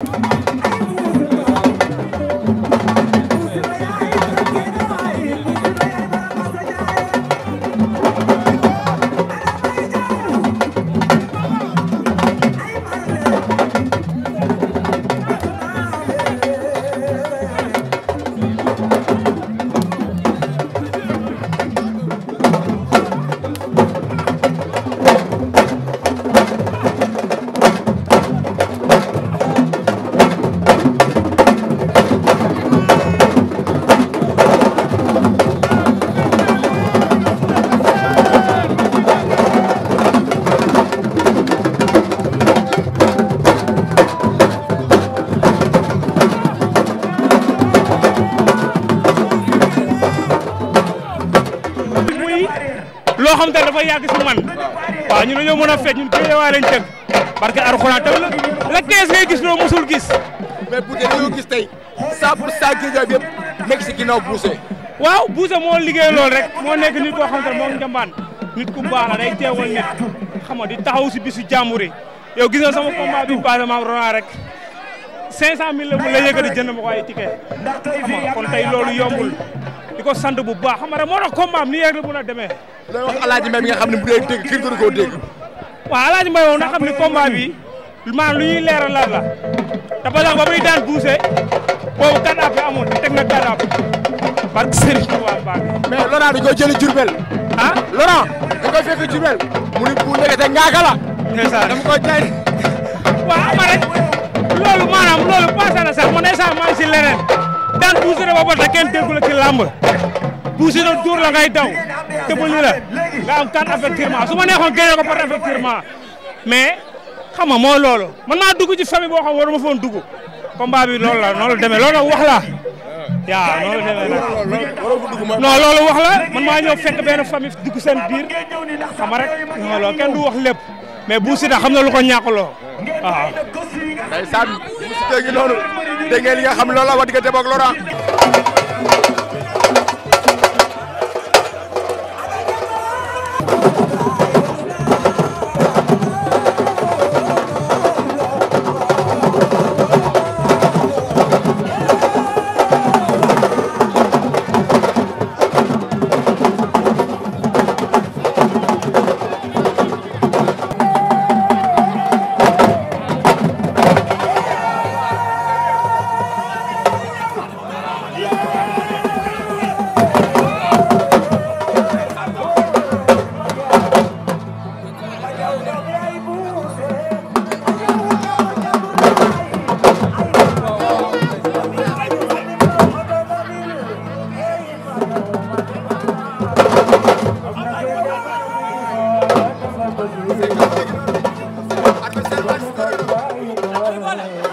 Thank you. xam te dafa yàgg si man waaw ñu dañoo mën a fecc ñun Guédiawaye lañ tëgg parce que Alxuraan tam la 15 ngay gis loo musul gis mais bu dee dañoo gis tey 100 pour 100 Guédiawaye waaw Bousse moo liggéey lool rek moo nekk ni koo xam te moom njambaan nit ku baax day teewal nit xam nga di taxaw si bisu jàmbur yi yow gis sama combat bi passé maam Rona rek 500000 la mu la yëkkati jënd ma ko ay ticket kon tey loolu yombul di ko sant bu baax xam nga moo tax combat am nii rek la mun a demee. Alaaji Mbaye nga xam ne bu dee dégg kër koo dégg. waaw Alaaji Mbaye moom nga xam ne combat bi maanaam lu ñuy leeral la la te ba ba muy daan buuse boobu gànnaaw bi amoon teg na gànnaaw bi barke Serigne Touba Mbacke. mais Laurent dañ koy jëli Diourbel. ah Laurent dañ koy fekk Diourbel. mu ni bu nekkee ngaaka la. ndeysaan dama koy jaay. waaw ama rek loolu maanaam loolu passé na sax man ndeysaan maa si leneen. daan tuuti na ba ba kenn déggu la ci làmb tuuti na duur la ngay daw tëbali la nga am quatre avertissement su ma neexoon génne ko par avertissement mais xam nga mooy loolu man maa dugg ci famille boo xam waru ma foon dugg combat bi loolu la noonu la demee loolu wax la waaw noonu la demee nag non loolu wax la man maa ñëw fekk benn famille dugg seen biir xam rek non loolu kenn du wax lépp mais Bou Siteu xam na lu ko ñàkk loo ah. dégg ngeen li nga xam ne loolu la wax diggante boog Laurent ¡Aquí bola.